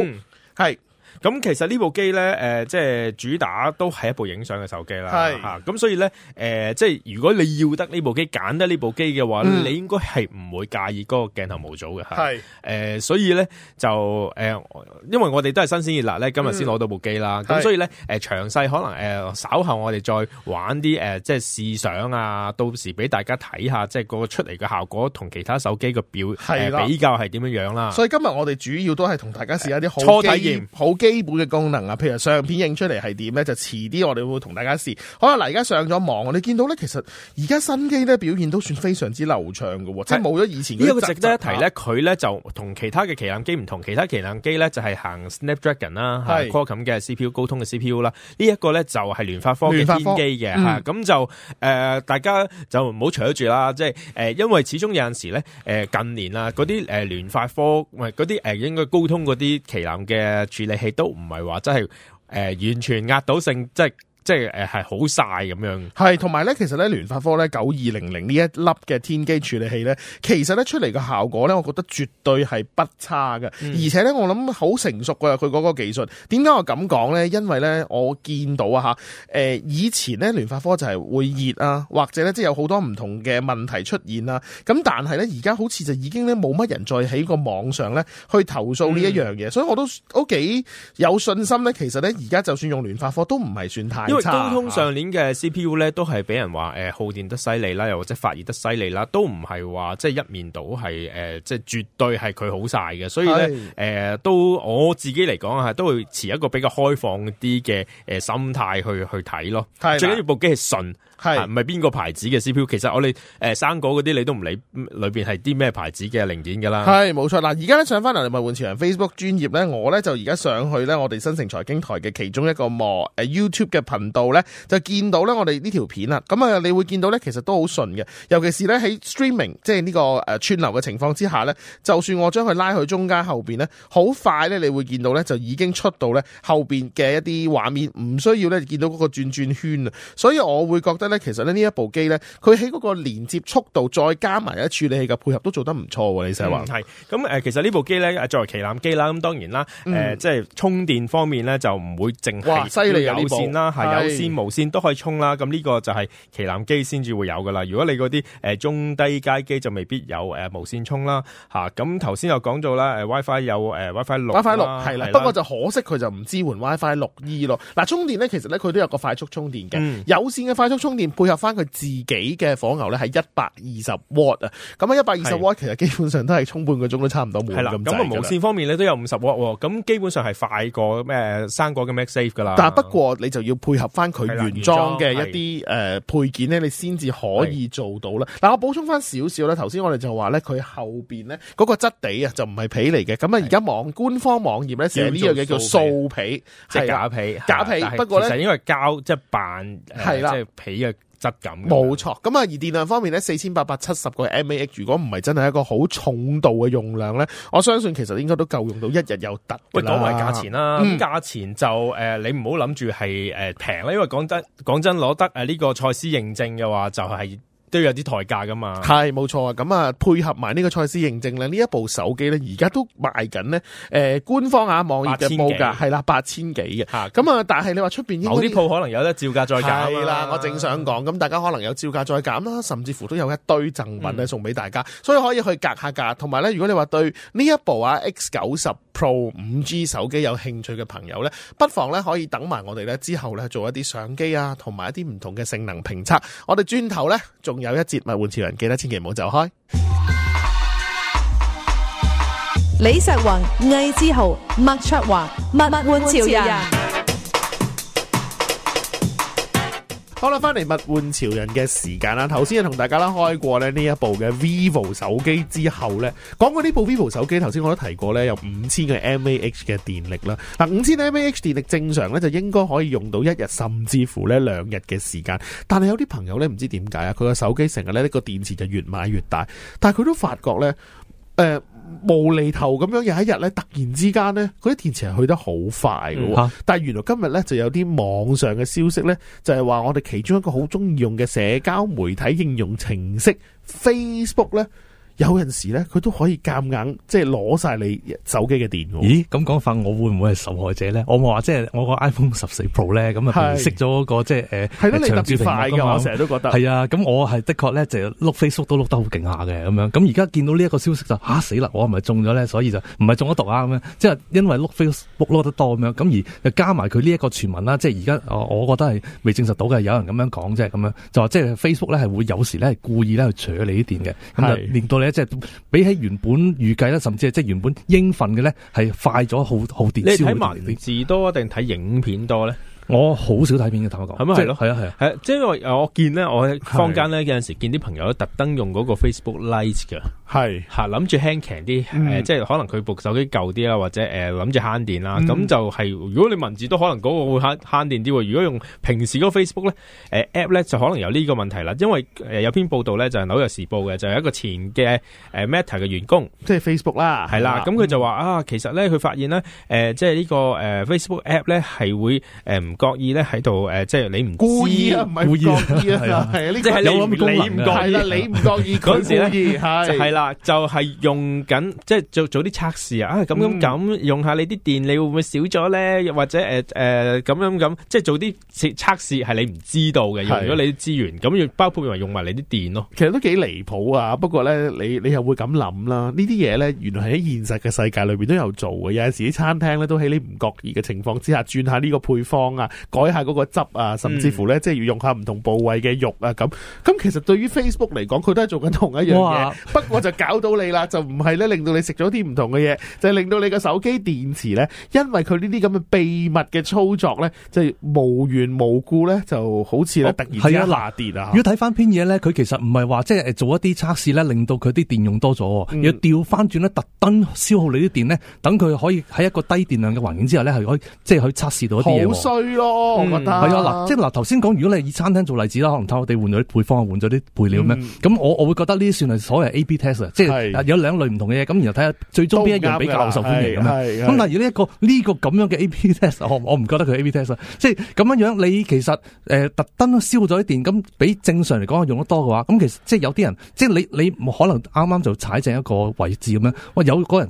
係。嗯咁其實呢部機咧，誒，即係主打都係一部影相嘅手機啦，係吓是。咁所以咧，誒，即係如果你要得呢部機，揀得呢部機嘅話，嗯、你應該係唔會介意嗰個鏡頭模組嘅吓。係誒是，所以咧就誒，因為我哋都係新鮮熱辣咧，今日先攞到部機啦。咁是所以咧，誒，詳細可能誒稍後我哋再玩啲誒，即係試相啊，到時俾大家睇下，即係個出嚟嘅效果同其他手機嘅表系的比較係點樣樣啦。所以今日我哋主要都係同大家試下啲好初體驗好機。基本嘅功能啊，譬如相片影出嚟係點咧，就遲啲我哋會同大家試。好啦，嗱而家上咗網，你見到咧，其實而家新機咧表現都算非常之流暢嘅，即係冇咗以前呢個值得一提咧。佢咧、啊、就同其他嘅旗艦機唔同，其他旗艦機咧就係行 Snapdragon 啦是，係 Qualcomm 嘅 CPU，高通嘅 CPU 啦。呢一個咧就係聯發科嘅天機嘅吓，咁、嗯啊、就誒、呃、大家就唔好除咗住啦，即係誒、呃、因為始終有陣時咧，誒、呃、近年啊嗰啲誒聯發科唔係嗰啲誒應該高通嗰啲旗艦嘅處理器。都唔係話真係誒、呃、完全壓倒性即係即係誒，係好晒咁樣。係，同埋咧，其實咧聯發科咧九二零零呢一粒嘅天璣處理器咧，其實咧出嚟嘅效果咧，我覺得絕對係不差㗎。嗯、而且咧，我諗好成熟㗎。佢嗰個技術。點解我咁講咧？因為咧，我見到啊吓，誒、呃、以前咧聯發科就係會熱啊，或者咧即係有好多唔同嘅問題出現啊。咁但係咧而家好似就已經咧冇乜人再喺個網上咧去投訴呢一樣嘢，嗯、所以我都都幾有信心咧。其實咧而家就算用聯發科都唔係算太。因為高通上年嘅 CPU 咧，都係俾人話，誒、呃、耗電得犀利啦，又或者發熱得犀利啦，都唔係話即係一面倒係，誒、呃、即係絕對係佢好晒嘅。所以咧，誒是的、呃、都我自己嚟講都會持一個比較開放啲嘅誒心態去去睇咯。係是的 最緊要部機係純。係唔係邊個牌子嘅 CPU？其實我哋誒、呃、生果嗰啲你都唔理，裏邊係啲咩牌子嘅零件噶啦。係冇錯啦，而家咧上翻嚟咪物玩潮人 Facebook 專頁咧，我咧就而家上去咧我哋新城財經台嘅其中一個網誒、呃、YouTube 嘅頻道咧，就見到咧我哋呢條片啦。咁啊你會見到咧其實都好順嘅，尤其是咧喺 streaming 即係呢、呢個誒、呃、串流嘅情況之下咧，就算我將佢拉去中間後邊咧，好快咧你會見到咧就已經出到咧後邊嘅一啲畫面，唔需要咧見到嗰個轉轉圈啊，所以我會覺得。其實呢一部機咧，佢喺嗰個連接速度再加埋一處理器嘅配合都做得唔錯。你成日話係咁誒，其實部機呢部機咧作為旗艦機啦，咁當然啦誒，即係、嗯呃就是、充電方面咧就唔會淨係犀利有線啦，係、啊、有線是無線都可以充啦。咁呢個就係旗艦機先至會有噶啦。如果你嗰啲誒中低階機就未必有誒無線充啦吓。咁頭先又講到啦，誒 WiFi 有誒 WiFi 六 WiFi 六係啦，啦不過就可惜佢就唔支援 WiFi 六 E 咯。嗱充電咧，其實咧佢都有個快速充電嘅、嗯、有線嘅快速充。配合翻佢自己嘅火牛咧，係一百二十瓦啊！咁啊，一百二十瓦其實基本上都係充半個鐘都差唔多滿咁滯。咁啊，無線方面咧都有五十瓦，咁基本上係快過咩生果嘅 MagSafe 噶啦。但不過你就要配合翻佢原裝嘅一啲誒、呃、配件咧，你先至可以做到啦。嗱，我補充翻少少啦，頭先我哋就話咧，佢後邊咧嗰個質地啊，就唔係皮嚟嘅。咁啊，而家網官方網頁咧寫呢樣嘢叫素皮，即係假皮。假皮，不過咧因為膠即係扮係啦皮質感冇錯，咁啊而電量方面咧，四千八百七十個 mAh，如果唔係真係一個好重度嘅用量咧，我相信其實應該都夠用到一日又得。喂，講埋價錢啦，啊，咁價、嗯、錢就誒，你唔好諗住係誒平啦，因為講得講真攞得誒呢個蔡司認證嘅話就係、是。都有啲抬價噶嘛，係冇錯啊！咁啊，配合埋呢個蔡司認證咧，呢一部手機咧而家都賣緊呢，誒、呃，官方啊網頁嘅報價係啦，八千幾嘅吓。咁啊，但係你話出邊，某啲鋪可能有得照價再減。係啦，我正想講，咁大家可能有照價再減啦，甚至乎都有一堆贈品咧送俾大家，嗯、所以可以去格下價。同埋咧，如果你話對呢一部啊 X 九十 Pro 五 G 手機有興趣嘅朋友咧，不妨咧可以等埋我哋咧之後咧做一啲相機啊，同埋一啲唔同嘅性能評測。我哋轉頭咧做。仲有一節物玩潮人，記得千祈唔好走開。李石宏、魏志豪、麥卓華、物玩潮人。好啦，翻嚟物玩潮人嘅時間啦。頭先同大家啦開過呢一部嘅 VIVO 手機之後呢，講過呢部 VIVO 手機，頭先我都提過呢，有五千嘅 mAh 嘅電力啦。嗱，五千 mAh 電力正常呢，就應該可以用到一日甚至乎呢兩日嘅時間。但係有啲朋友呢，唔知點解啊，佢個手機成日呢，呢個電池就越買越大，但係佢都發覺呢。誒、呃、無厘頭咁樣，有一日咧，突然之間咧，嗰啲電池係去得好快嘅喎。但係原來今日咧，就有啲網上嘅消息咧，就係話我哋其中一個好中意用嘅社交媒體應用程式 Facebook 咧。有陣時咧，佢都可以夾硬即係攞晒你手機嘅電。咦？咁講法，我會唔會係受害者咧？我冇話即係我14 Pro、那個 iPhone 十四 Pro 咧，咁、呃、啊，熄咗個即係你長照快㗎，我成日都覺得係啊。咁我係的確咧，就碌 Facebook 都碌得好勁下嘅咁樣。咁而家見到呢一個消息就嚇、啊、死啦！我係咪中咗咧？所以就唔係中咗毒啊咁樣。即係因為碌 Facebook 碌得多咁樣，咁而加埋佢呢一個傳聞啦。即係而家我我覺得係未證實到嘅，有人咁樣講啫。咁樣就話即係 Facebook 咧係會有時咧係故意咧去咗你啲電嘅，咁是就連到你。即係比起原本預計啦，甚至係即係原本應份嘅咧，係快咗好好電，電。你睇文字多定睇影片多咧？我好少睇片嘅，坦白講，係咪係咯？係啊即，係啊的，係的，即係我我見咧，我喺坊間咧的有陣時候見啲朋友特登用嗰個 Facebook Lite 嘅，係吓諗住輕強啲，即係、嗯、可能佢部手機舊啲啦，或者誒諗住慳電啦，咁、嗯、就係、是、如果你文字都可能嗰個會慳慳電啲。如果用平時嗰個 Facebook 咧，誒、啊、App 咧，就可能有呢個問題啦。因為誒有篇報道咧就係紐約時報嘅，就係、是、一個前嘅誒 Meta 嘅員工，即係 Facebook 啦，係啦的。咁佢、嗯、就話啊，其實咧佢發現咧，誒、啊，即係呢個誒 Facebook App 咧係會誒、啊覺意咧喺度誒，即、呃、係、就是、你唔故意啊，唔係故意意啊，係呢個你諗功能㗎，係啦、啊，你唔覺意佢 故意，係係啦，就係、是、用緊，即、就、係、是、做做啲測試啊，啊咁咁用下你啲電，你會唔會少咗咧？又或者誒誒咁樣咁，即、就、係、是、做啲測測試係你唔知道嘅用咗你啲資源，咁要、啊、包括用埋你啲電咯。其實都幾離譜啊，不過咧你你又會咁諗啦，呢啲嘢咧原來係喺現實嘅世界裏邊都有做嘅，有陣時啲餐廳咧都喺你唔覺意嘅情況之下轉下呢個配方啊。改下嗰個汁啊，甚至乎咧，嗯、即係要用下唔同部位嘅肉啊，咁咁其實對於 Facebook 嚟講，佢都係做緊同一樣嘢，哇啊、不過就搞到你啦，就唔係咧令到你食咗啲唔同嘅嘢，就係、是、令到你嘅手機電池咧，因為佢呢啲咁嘅秘密嘅操作咧，即係、無緣無故咧就好似咧、哦、突然間拿電啊！如果睇翻篇嘢咧，佢其實唔係話即係做一啲測試咧，令到佢啲電用多咗，嗯、要調翻轉咧，特登消耗你啲電咧，等佢可以喺一個低電量嘅環境之下咧，係、就是、可以即係、就是、可以測試到一啲嘢。我覺得係啊，嗱、嗯，即係嗱，頭先講，如果你以餐廳做例子啦，可能睇我哋換咗啲配方，換咗啲配料咁樣，咁、嗯、我我會覺得呢啲算係所謂 A/B test 啊是，即係有兩類唔同嘅嘢，咁然後睇下最終邊一樣比較受歡迎咁。咁但係呢一個呢、呢個咁樣嘅 A/B test，我我唔覺得佢 A/B test 啊，即係咁樣樣你其實誒、呃、特登燒咗啲電，咁比正常嚟講用得多嘅話，咁其實即係有啲人即係你你可能啱啱就踩正一個位置咁樣，哇有個人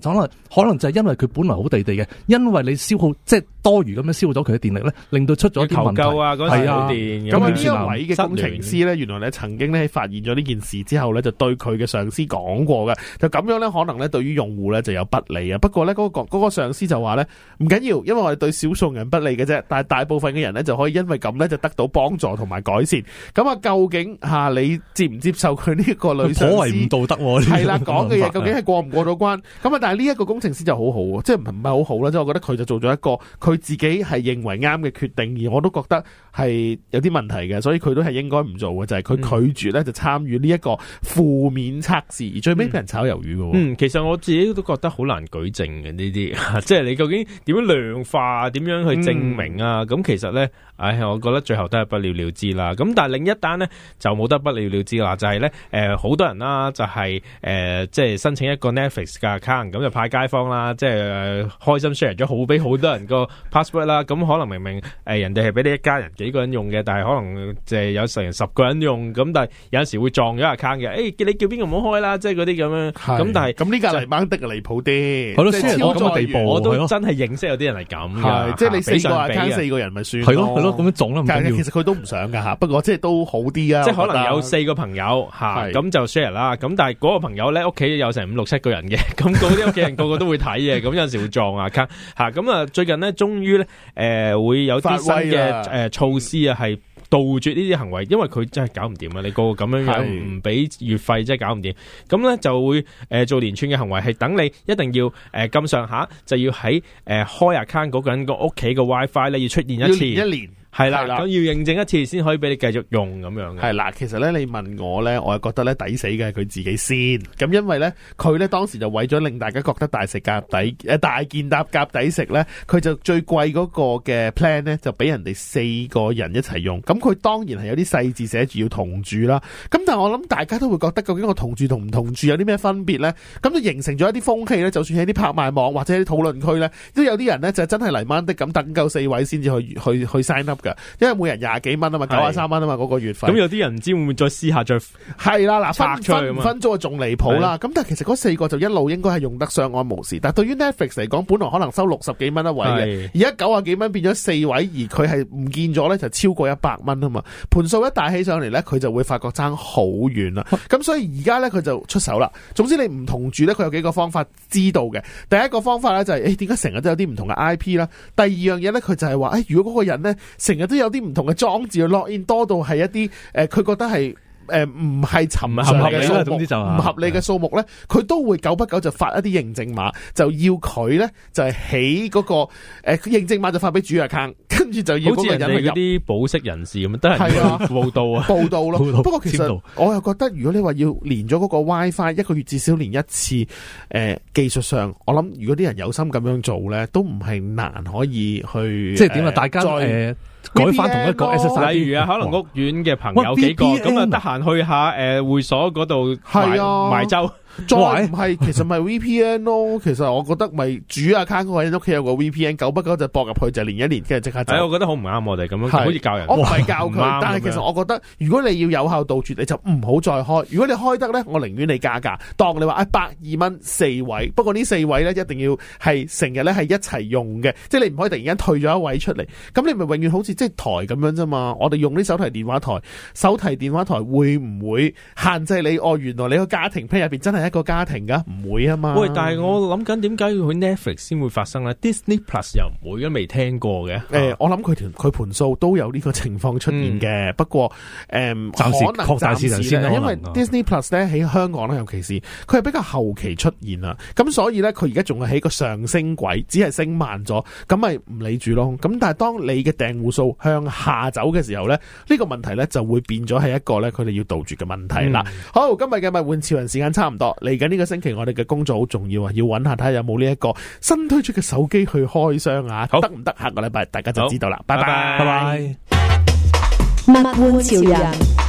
可能就係因為佢本來好地地嘅，因為你消耗即係多餘咁樣消耗咗佢嘅電力咧。令到出咗求救啊！嗰時冇電，咁啊呢一位嘅工程師咧，原來咧曾經咧發現咗呢件事之後咧，就對佢嘅上司講過嘅，就咁樣咧，可能咧對於用戶咧就有不利啊。不過咧嗰個嗰個上司就話咧唔緊要，因為我哋對少數人不利嘅啫，但係大部分嘅人咧就可以因為咁咧就得到幫助同埋改善。咁啊，究竟吓你接唔接受佢呢一個女？所謂唔道德。係啦，講嘅嘢究竟係過唔過到關？咁啊，但係呢一個工程師就好好啊，即係唔係好好啦，即係我覺得佢就做咗一個佢自己係認為啱嘅決定義我都覺得係有啲問題嘅，所以佢都係應該唔做嘅，就係、是、佢拒絕咧就參與呢一個負面測試，嗯、最尾俾人炒魷魚嘅。嗯，其實我自己都覺得好難舉證嘅呢啲，即係、就是、你究竟點樣量化、點樣去證明啊？咁、嗯、其實咧，唉，我覺得最後都係不了了之啦。咁但係另一單咧就冇得不了了之啦，就係、是、咧，好、呃、多人啦、就是呃，就係即係申請一個 Netflix 嘅 account，咁就派街坊啦，即、就、係、是呃、開心 share 咗好俾好多人個 password 啦，咁 可能明明。誒，人哋係俾你一家人幾個人用嘅，但係可能係有成人十個人用，咁但係有陣時會撞咗阿 c 嘅。誒、欸，叫你叫邊個唔好開啦，即係嗰啲咁樣。咁是但係是，咁呢架泥板的離譜啲。係咯，咁嘅地步，我都真係認識有啲人係咁嘅。即係你四個人 a、啊、四個人咪算咯。係咯，咁樣撞都唔要。其實佢都唔想噶吓，不過即係都好啲啊。即係可能有四個朋友吓，咁的就 share 啦。咁但係嗰個朋友咧，屋企有成五六七個人嘅，咁嗰啲屋企人個個都會睇嘅，咁 有陣時會撞阿 c 吓。咁啊，最近呢，終於咧，誒、呃、會有。啲新嘅誒措施啊，係杜絕呢啲行為，因為佢真係搞唔掂啊！你個個咁樣樣唔俾月費，真係搞唔掂。咁咧就會誒做連串嘅行為，係等你一定要誒咁上下，呃、就要喺誒、呃、開 account 個間個屋企個 WiFi 咧要出現一次。要年一年。係啦，咁要認證一次先可以俾你繼續用咁樣。係啦，其實咧你問我咧，我係覺得咧抵死嘅係佢自己先。咁因為咧佢咧當時就為咗令大家覺得大食夾抵、呃、大件搭夾抵食咧，佢就最貴嗰個嘅 plan 咧就俾人哋四個人一齊用。咁佢當然係有啲細字寫住要同住啦。咁但我諗大家都會覺得究竟我同住同唔同住有啲咩分別咧？咁就形成咗一啲風氣咧。就算喺啲拍賣網或者啲討論區咧，都有啲人咧就是、真係嚟晚的咁等夠四位先至去去去 sign up，因為每人廿幾蚊啊嘛，九廿三蚊啊嘛，嗰個月費。咁有啲人唔知會唔會再私下再係啦，嗱分分分鐘仲離譜啦。咁的但係其實嗰四個就一路應該係用得相安無事。但係對於 Netflix 嚟講，本來可能收六十幾蚊一位嘅，的而家九廿幾蚊變咗四位，而佢係唔見咗咧，就超過一百蚊啊嘛。盤數一帶起上嚟咧，佢就會發覺爭好遠啦。咁 所以而家咧，佢就出手啦。總之你唔同住咧，佢有幾個方法知道嘅。第一個方法咧就係、是、誒，點解成日都有啲唔同嘅 I P 啦。第二樣嘢咧，佢就係話誒，如果嗰個人咧。成日都有啲唔同嘅裝置 login 多到係一啲誒，佢、呃、覺得係誒唔係尋常嘅數目，唔合，合理嘅、啊啊、數目咧，佢對 都會久不久就發一啲認證碼，就要佢咧就係、是、起嗰、那個誒、呃、認證碼就發俾主 account，跟住就要人好似你嗰啲保釋人士咁樣，都係報道啊，啊 報道咯。報道不過其實度我又覺得，如果你話要連咗嗰個 WiFi 一個月至少連一次，誒、呃、技術上我諗，如果啲人有心咁樣做咧，都唔係難可以去，即係點啊？大家再改翻同一個、哦，例如啊，可能屋苑嘅朋友幾個，咁啊得閒去下誒會所嗰度埋埋周。啊、再唔係，其實唔係 VPN 咯、哦，其實我覺得咪煮下卡，嗰位，屋企有個 VPN，久不久就搏入去就是、連一年，嘅，即刻。誒，我覺得好唔啱我哋咁樣，好似教人，我唔係教佢，但係其實我覺得，如果你要有效杜絕，你就唔好再開。如果你開得咧，我寧願你加價，當你話百二蚊四位，不過呢四位咧一定要係成日咧係一齊用嘅，即係你唔可以突然間退咗一位出嚟，咁你咪永遠好似。即係台咁樣啫嘛，我哋用啲手提電話台，手提電話台會唔會限制你？哦，原來你個家庭 plan 入邊真係一個家庭噶，唔會啊嘛。喂，但係我諗緊點解要去 Netflix 先會發生咧？Disney Plus 又唔會，因為未聽過嘅。誒、嗯欸，我諗佢條佢盤數都有呢個情況出現嘅，嗯、不過誒，暫、呃、時擴大市場先啦。因為 Disney Plus 咧喺香港咧，尤其是佢係比較後期出現啦，咁所以咧佢而家仲係喺個上升軌，只係升慢咗，咁咪唔理住咯。咁但係當你嘅訂戶。向下走嘅時候呢呢、這個問題呢就會變咗係一個呢，佢哋要杜絕嘅問題啦。嗯、好，今日嘅物玩潮人時間差唔多，嚟緊呢個星期我哋嘅工作好重要啊，要揾下睇下有冇呢一個新推出嘅手機去開箱啊，好得唔得？下個禮拜大家就知道啦，拜拜好拜拜。物玩拜潮人。